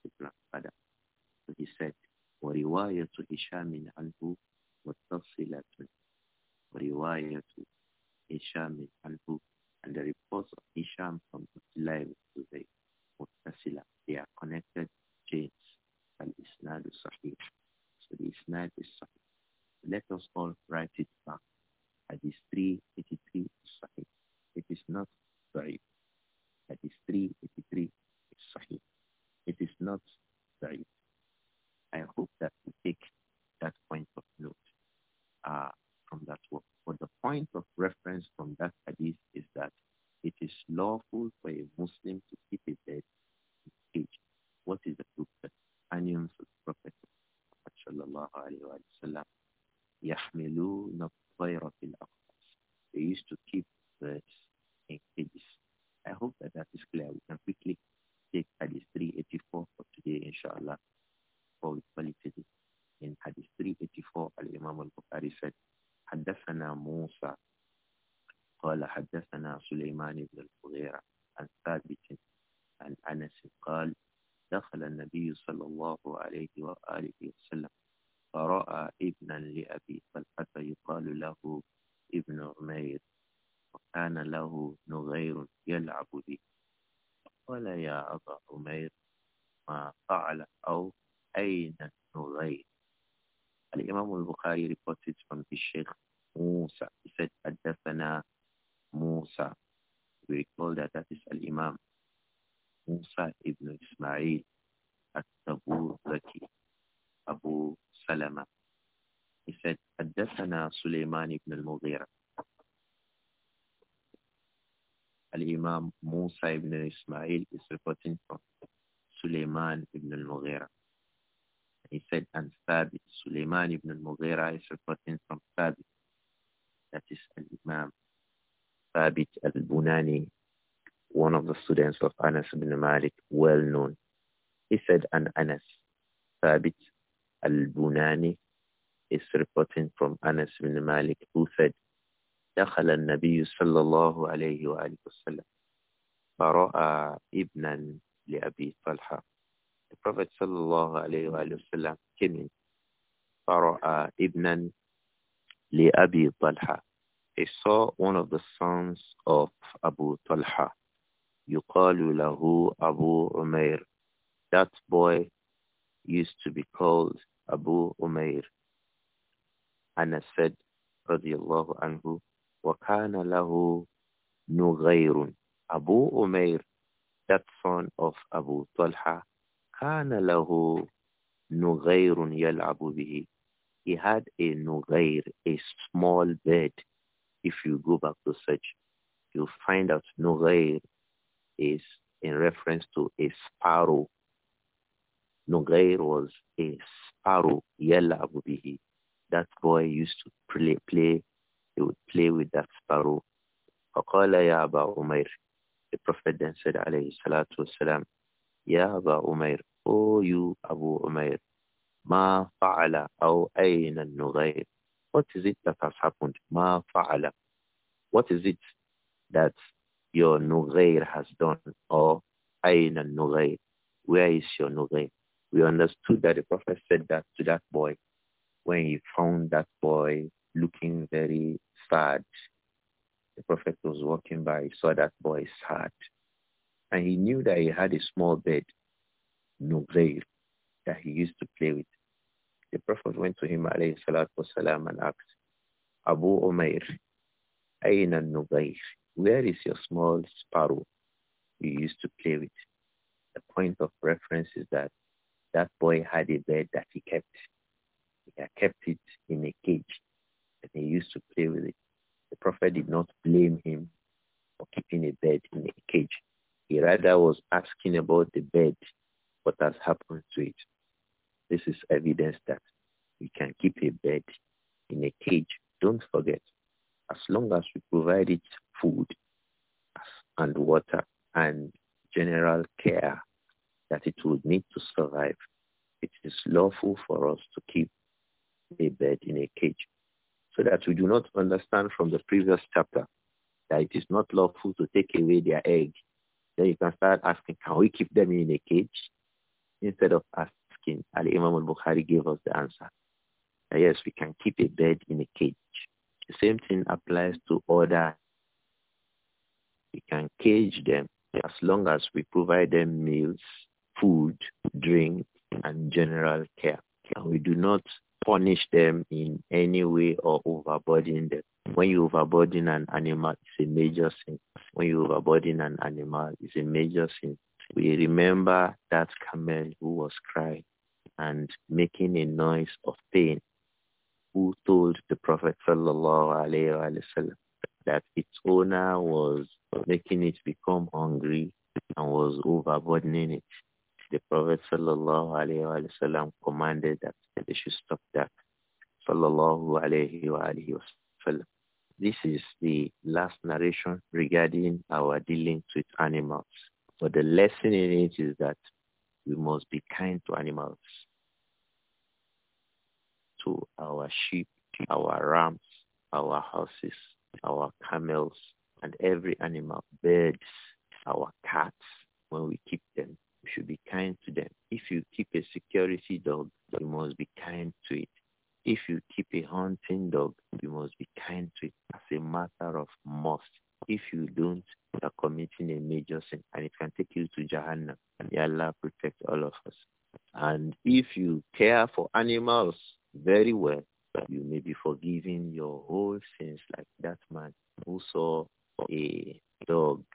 the grandfather. So he said, وَرِوَايَةُ هِشَامٍ عَنْهُ مُتَّصِلَةٌ riwayat Hisham anhu and the reports of Hisham from Abdullah ibn Zubayr, mutasila They are connected chains. Al-Isnad sahih So the Isnad is Sahih. Let us all write it down. Hadith 383 is Sahih. It is not Sahih. Hadith 383 is Sahih. It is not point of reference from that hadith is that it is lawful for a Muslim Suleiman ibn al-Mughira. Al-Imam Musa ibn Ismail is reporting from Suleiman ibn al-Mughira. He said, and Thabit, Suleiman ibn al-Mughira is reporting from Thabit. That is Al-Imam Thabit al-Bunani, one of the students of Anas ibn Malik النبي صلى الله عليه وآله وسلم فرأى ابنا لأبي طلحة The Prophet صلى الله عليه وآله وسلم came in فرأى ابنا لأبي طلحة He saw one of the sons of Abu Talha يقال له أبو Umair That boy used to be called Abu Umair Anas said رضي الله عنه وَكَانَ لَهُ نُغَيْرٌ Abu Umair, that son of Abu طلحة كَانَ لَهُ نُغَيْرٌ يَلْعَبُ بِهِ He had a نغير a small bird. If you go back to search, you'll find out نغير is in reference to a sparrow. نغير was a sparrow, يلعب به That boy used to play, play he would play with that sparrow. فقال يا أبا عمير The Prophet then said عليه الصلاة والسلام يا أبا عمير you Abu Umair ما فعل أو أين النغير What is it that has happened? ما فعل What is it that your Nughair has done or أين النغير Where is your Nughair? We understood that the Prophet said that to that boy when he found that boy looking very sad. The Prophet was walking by, saw that boy sad. And he knew that he had a small bed, Nughayr, that he used to play with. The Prophet went to him, alayhi salatu wasalam, and asked, Abu Umair, Aina Nubair, where is your small sparrow you used to play with? The point of reference is that that boy had a bed that he kept. He had kept it in a cage and he used to play with it. The Prophet did not blame him for keeping a bird in a cage. He rather was asking about the bird, what has happened to it. This is evidence that we can keep a bird in a cage. Don't forget, as long as we provide it food and water and general care that it would need to survive, it is lawful for us to keep a bird in a cage so that we do not understand from the previous chapter that it is not lawful to take away their egg. Then you can start asking, can we keep them in a cage? Instead of asking, Ali Imam al-Bukhari gave us the answer. yes, we can keep a bird in a cage. The same thing applies to other. We can cage them as long as we provide them meals, food, drink, and general care. And we do not punish them in any way or overburden them. When you overburden an animal, it's a major sin. When you overburden an animal, it's a major sin. We remember that camel who was crying and making a noise of pain, who told the Prophet wasallam that its owner was making it become hungry and was overburdening it the Prophet sallallahu commanded that they should stop that. Sallallahu alayhi wa This is the last narration regarding our dealings with animals. But the lesson in it is that we must be kind to animals, to our sheep, our rams, our horses, our camels, and every animal, birds, our cats, when we keep them. You should be kind to them. If you keep a security dog, you must be kind to it. If you keep a hunting dog, you must be kind to it as a matter of must. If you don't, you are committing a major sin and it can take you to Jahannam. May Allah protect all of us. And if you care for animals very well, you may be forgiving your whole sins like that man who saw a dog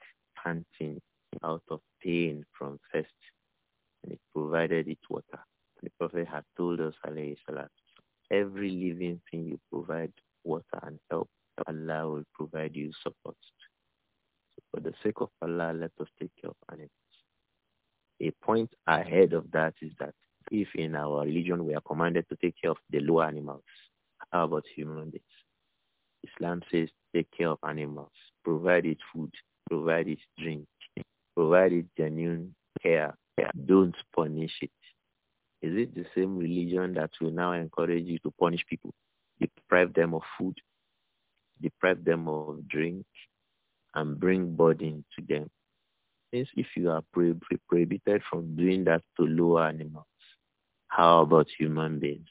panting out of pain from thirst, and it provided it water. The Prophet had told us, alayhi every living thing you provide water and help, Allah will provide you support. So for the sake of Allah, let us take care of animals. A point ahead of that is that if in our religion we are commanded to take care of the lower animals, how about human beings? Islam says take care of animals, provide it food, provide it drink, Provide genuine care. Don't punish it. Is it the same religion that will now encourage you to punish people? Deprive them of food, deprive them of drink, and bring burden to them. Since if you are prohibited from doing that to lower animals, how about human beings?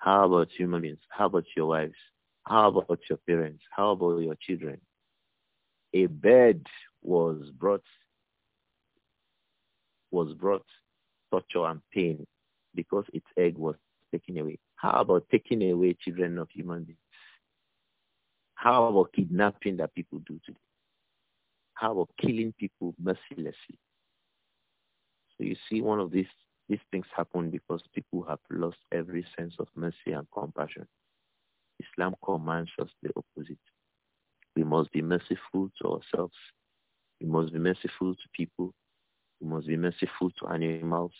How about human beings? How about your wives? How about your parents? How about your children? A bird was brought was brought torture and pain because its egg was taken away. How about taking away children of human beings? How about kidnapping that people do today? How about killing people mercilessly? So you see one of these these things happen because people have lost every sense of mercy and compassion. Islam commands us the opposite. We must be merciful to ourselves. We must be merciful to people. We must be merciful to animals.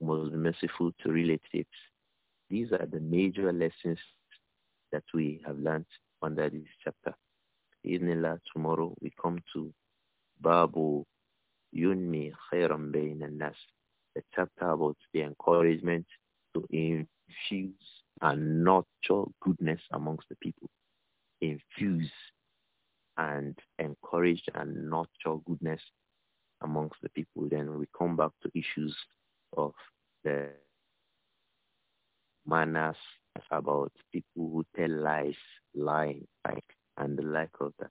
We must be merciful to relatives. These are the major lessons that we have learned under this chapter. Inila, tomorrow we come to Babu Yunmi Khairam Bain and Nas, the chapter about the encouragement to infuse and nurture goodness amongst the people. Infuse and encourage and nurture goodness amongst the people, then we come back to issues of the manners about people who tell lies, lying, right, and the like of that.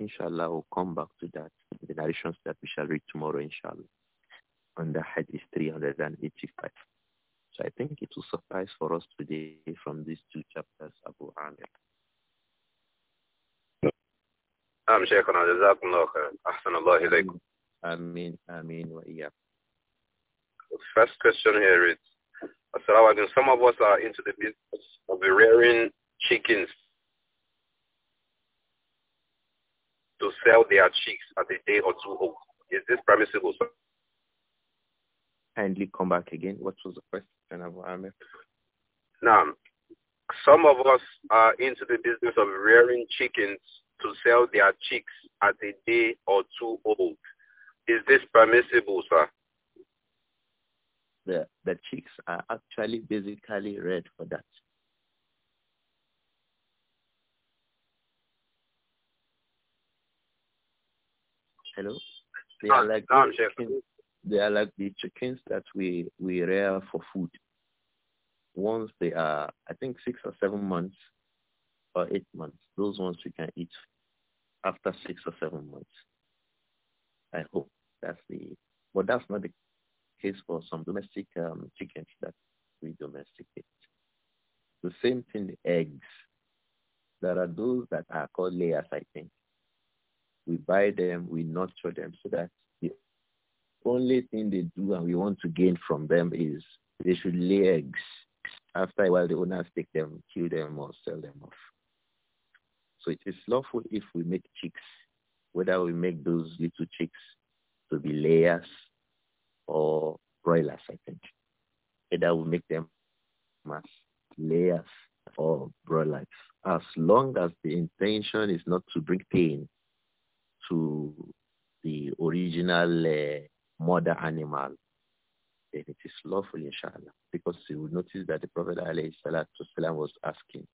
Inshallah, we'll come back to that in the narrations that we shall read tomorrow, inshallah, on the hadith 385. So I think it will suffice for us today from these two chapters, Abu Amir. نعم شيخنا جزاكم الله خيرا أحسن الله إليكم Amin, Amin wa mean, yeah. first question here is, Assalamu Some of us are into the business of rearing chickens to sell their chicks at a day or two old. Is this permissible, sir? Kindly come back again. What was the question, Abu Now, some of us are into the business of rearing chickens to sell their chicks at a day or two old. Is this permissible, sir? The, the cheeks are actually basically red for that. Hello? They are like, the, chickens, they are like the chickens that we, we rear for food. Once they are, I think, six or seven months or eight months, those ones we can eat after six or seven months. I hope. That's the, but that's not the case for some domestic um, chickens that we domesticate. The same thing, eggs. There are those that are called layers, I think. We buy them, we nurture them so that the only thing they do and we want to gain from them is they should lay eggs. After a while, the owners take them, kill them, or sell them off. So it is lawful if we make chicks, whether we make those little chicks to be layers or broilers, I think. Either we make them as layers or broilers. As long as the intention is not to bring pain to the original uh, mother animal, then it is lawful, inshallah. Because you will notice that the Prophet والسلام, was asking,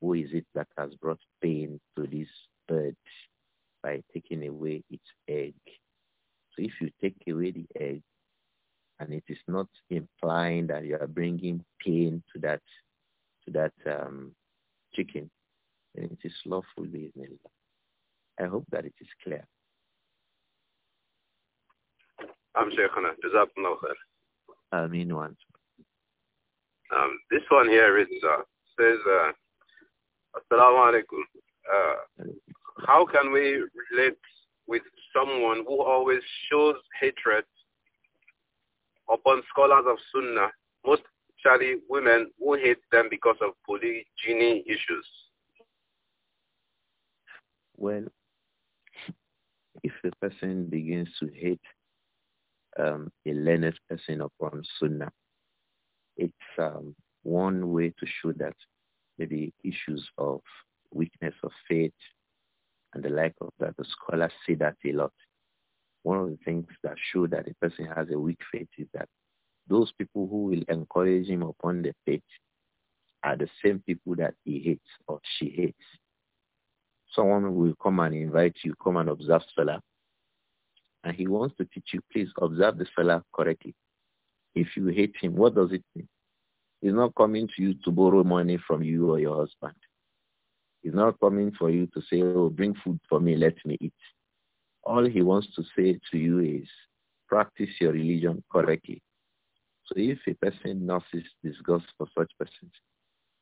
who is it that has brought pain to this bird by taking away its egg? So if you take away the egg, and it is not implying that you are bringing pain to that to that um, chicken, then it is lawful business. I hope that it is clear. I'm Sheikhana. Jazakumullah khair. I mean one. Um, this one here is, uh, says, uh, Assalamu alaikum. Uh, how can we relate with someone who always shows hatred upon scholars of Sunnah, most especially women who hate them because of polygyny issues? Well, if a person begins to hate um, a learned person upon Sunnah, it's um, one way to show that maybe issues of weakness of faith and the like of that. The scholars see that a lot. One of the things that show that a person has a weak faith is that those people who will encourage him upon the faith are the same people that he hates or she hates. Someone will come and invite you, come and observe fella, And he wants to teach you, please observe the fella correctly. If you hate him, what does it mean? He's not coming to you to borrow money from you or your husband. He's not coming for you to say, oh, bring food for me, let me eat. All he wants to say to you is, practice your religion correctly. So if a person nurses disgust for such persons,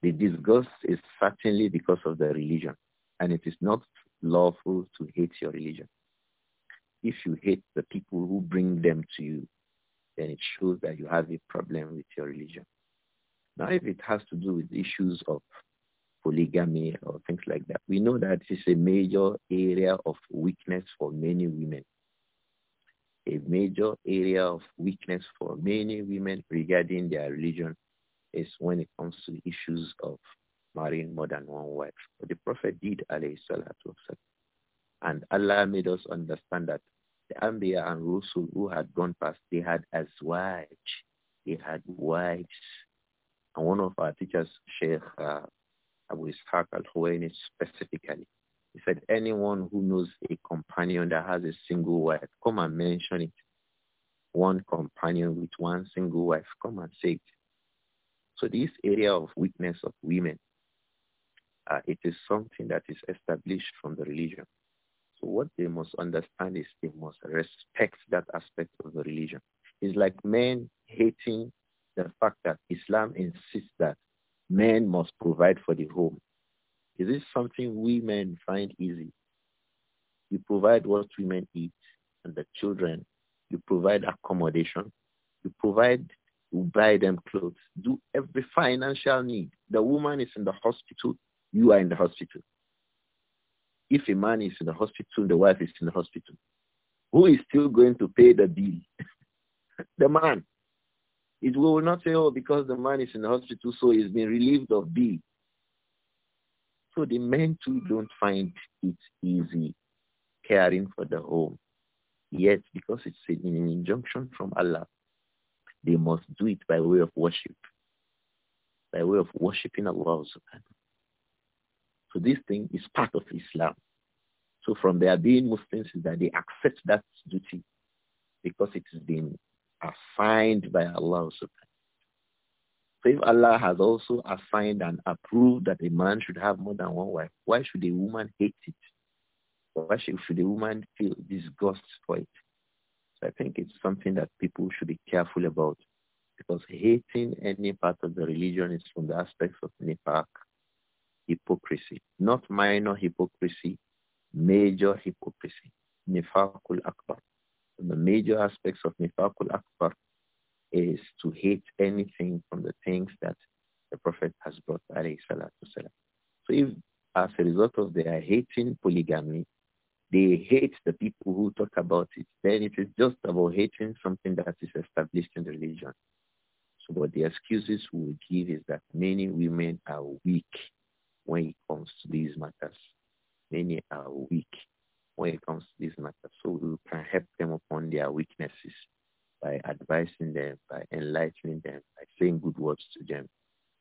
the disgust is certainly because of the religion. And it is not lawful to hate your religion. If you hate the people who bring them to you, then it shows that you have a problem with your religion. Now, if it has to do with issues of polygamy or things like that. We know that it's a major area of weakness for many women. A major area of weakness for many women regarding their religion is when it comes to issues of marrying more than one wife. But the Prophet did, alayhi salatu And Allah made us understand that the Ambiya and Rusul who had gone past, they had as wives, they had wives. And one of our teachers, Sheikh uh, Abu Ishaq al-Huwaini specifically. He said, anyone who knows a companion that has a single wife, come and mention it. One companion with one single wife, come and say it. So this area of weakness of women, uh, it is something that is established from the religion. So what they must understand is they must respect that aspect of the religion. It's like men hating the fact that Islam insists that Men must provide for the home. Is this something women find easy? You provide what women eat and the children. You provide accommodation. You provide, you buy them clothes. Do every financial need. The woman is in the hospital. You are in the hospital. If a man is in the hospital, the wife is in the hospital. Who is still going to pay the bill? <laughs> the man. It will not say, oh, because the man is in the hospital, so he's been relieved of B. So the men too don't find it easy caring for the home. Yet, because it's an injunction from Allah, they must do it by way of worship, by way of worshiping Allah subhanahu. So this thing is part of Islam. So from their being Muslims is that they accept that duty because it has been assigned by Allah subhanahu so if Allah has also assigned and approved that a man should have more than one wife, why should a woman hate it? Why should, should a woman feel disgust for it? So I think it's something that people should be careful about because hating any part of the religion is from the aspects of nifaq, hypocrisy. Not minor hypocrisy, major hypocrisy, nifaqul akbar the major aspects of Nifakul Akbar is to hate anything from the things that the Prophet has brought, alayhi salatu salam. So if, as a result of their hating polygamy, they hate the people who talk about it, then it is just about hating something that is established in the religion. So what the excuses we will give is that many women are weak when it comes to these matters. Many are weak when it comes to this matter, so we can help them upon their weaknesses by advising them, by enlightening them, by saying good words to them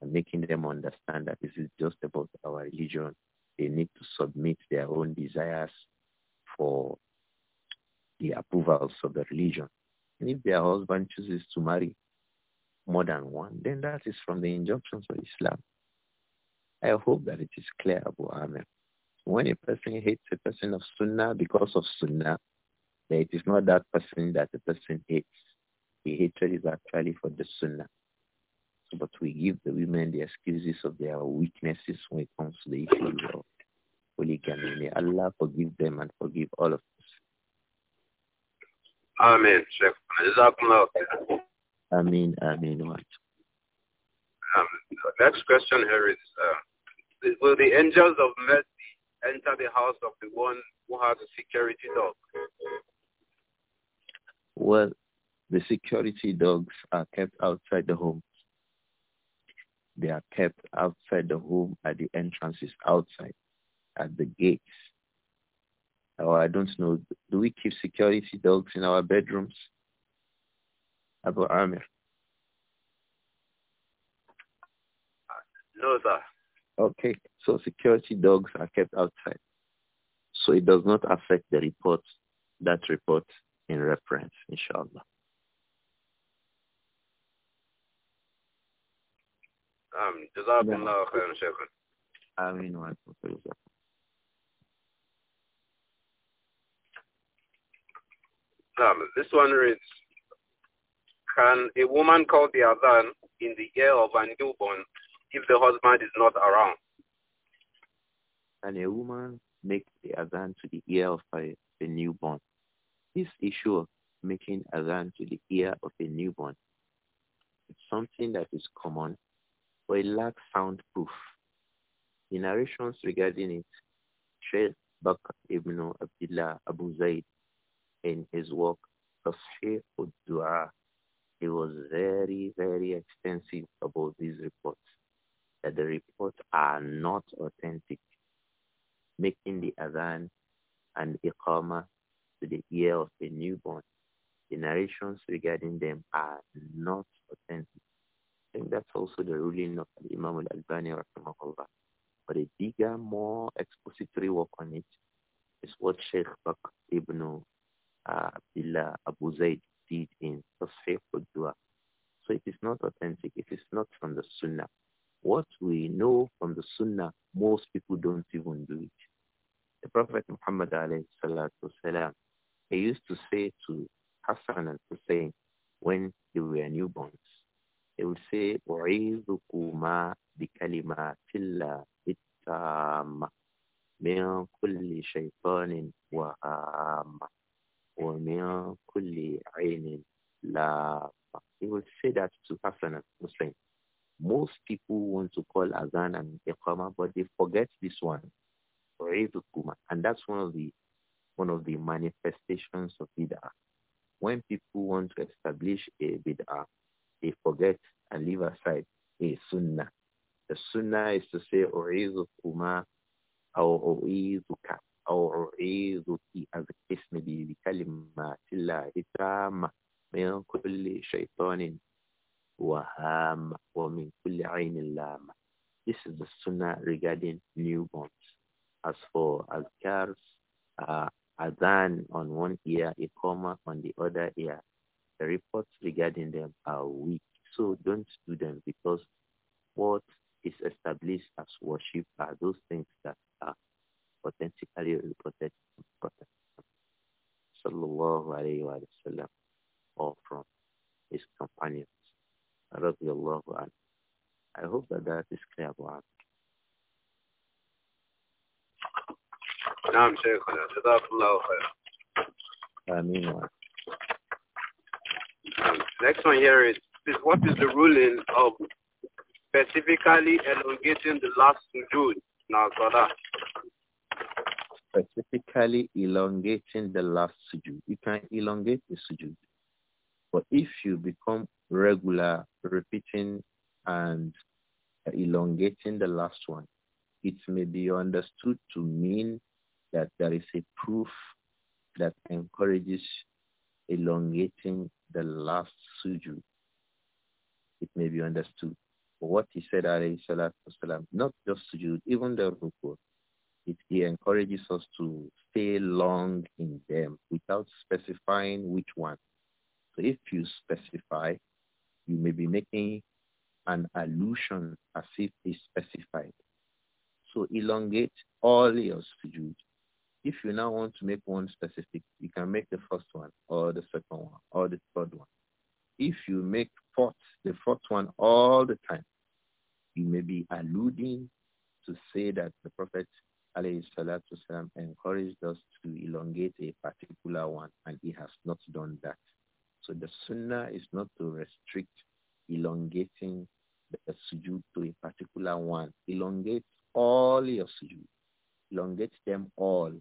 and making them understand that this is just about our religion. They need to submit their own desires for the approvals of the religion. And if their husband chooses to marry more than one, then that is from the injunctions of Islam. I hope that it is clear, Abu Amir. When a person hates a person of sunnah because of sunnah, then it is not that person that the person hates. The hatred is actually for the sunnah. But we give the women the excuses of their weaknesses when it comes to the issue of polygamy. May Allah forgive them and forgive all of us. Amen. Amen. Amen. What? Um, next question here is, uh, will the angels of mercy enter the house of the one who has a security dog? Well, the security dogs are kept outside the home. They are kept outside the home at the entrances, outside, at the gates. Or oh, I don't know, do we keep security dogs in our bedrooms? Abu Amir. Uh, no, sir. Okay. So security dogs are kept outside. So it does not affect the report, that report in reference, inshallah. Um, this one reads, can a woman call the Adhan in the ear of a newborn if the husband is not around? can a woman make the adhan to the ear of a, a newborn? This issue of making adhan to the ear of a newborn, it's something that is common, but it lacks sound proof. The narrations regarding it, Sheikh Bakr ibn Abdullah Abu Zaid, in his work, Tashih al-Du'a, he was very, very extensive about these reports, that the reports are not authentic making the adhan and iqama to the ear of the newborn. The narrations regarding them are not authentic. I think that's also the ruling of Imam al-Albani rahimahullah. But a bigger, more expository work on it is what Sheikh Bakr ibn uh, Abdullah Abu Zayd did in Tasfih al-Dua. So it is not authentic. It is not from the Sunnah. What we know from the Sunnah, most people don't even do it. The Prophet Muhammad والسلام, he used to say to Hassan and Hussein when they were newborns, he would say, أعيذكما بكلمات الله التامة من كل شيطان وهامة ومن kulli عين la." He would say that to Hassan and Hussein. Most people want to call Azan and Iqama, but they forget this one. And that's one of the one of the manifestations of bid'ah. When people want to establish a bid'ah, they forget and leave aside a sunnah. The sunnah is to say U'izukuma or U'izuka or U'izuki as the case may be the kalimatillah itama min kulli shaytanin this is the sunnah regarding newborns. As for azkars, uh, adhan on one ear, ikoma on the other ear, the reports regarding them are weak. So don't do them because what is established as worship are those things that are authentically reported from sallallahu alayhi wasallam. or from his companions radiallahu anhu. I hope that that is clear, Muhammad. نعم شيخنا جزاكم الله خير. آمين. Next one here is, is what is the ruling of specifically elongating the last sujood in our Specifically elongating the last sujood. You can elongate the sujood. But if you become regular repeating and elongating the last one, it may be understood to mean that there is a proof that encourages elongating the last sujud. It may be understood. But what he said, alayhi not just sujud. even the ruku, it, he encourages us to stay long in them without specifying which one. So if you specify, you may be making an allusion as if it's specified. So elongate all your sujood. If you now want to make one specific, you can make the first one or the second one or the third one. If you make fourth, the fourth one all the time, you may be alluding to say that the Prophet ﷺ encouraged us to elongate a particular one and he has not done that. So the sunnah is not to restrict elongating the sujood to a particular one. Elongate all your sujood. Elongate them all.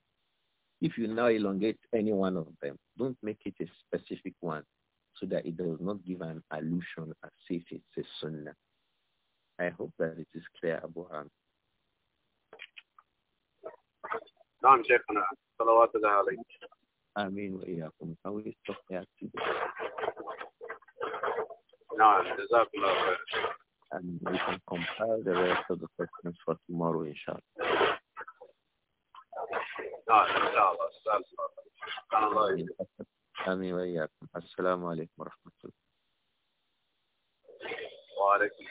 If you now elongate any one of them, don't make it a specific one so that it does not give an allusion as if it's a sunnah. I hope that it is clear, Abu Han. I mean, we you have for me? How we get there today? No, there's a lot And we can compile the rest of the questions for tomorrow, inshallah. No, inshallah. I mean, what you have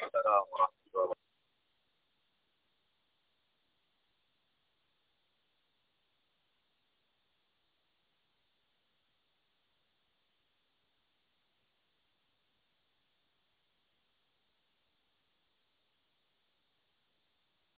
for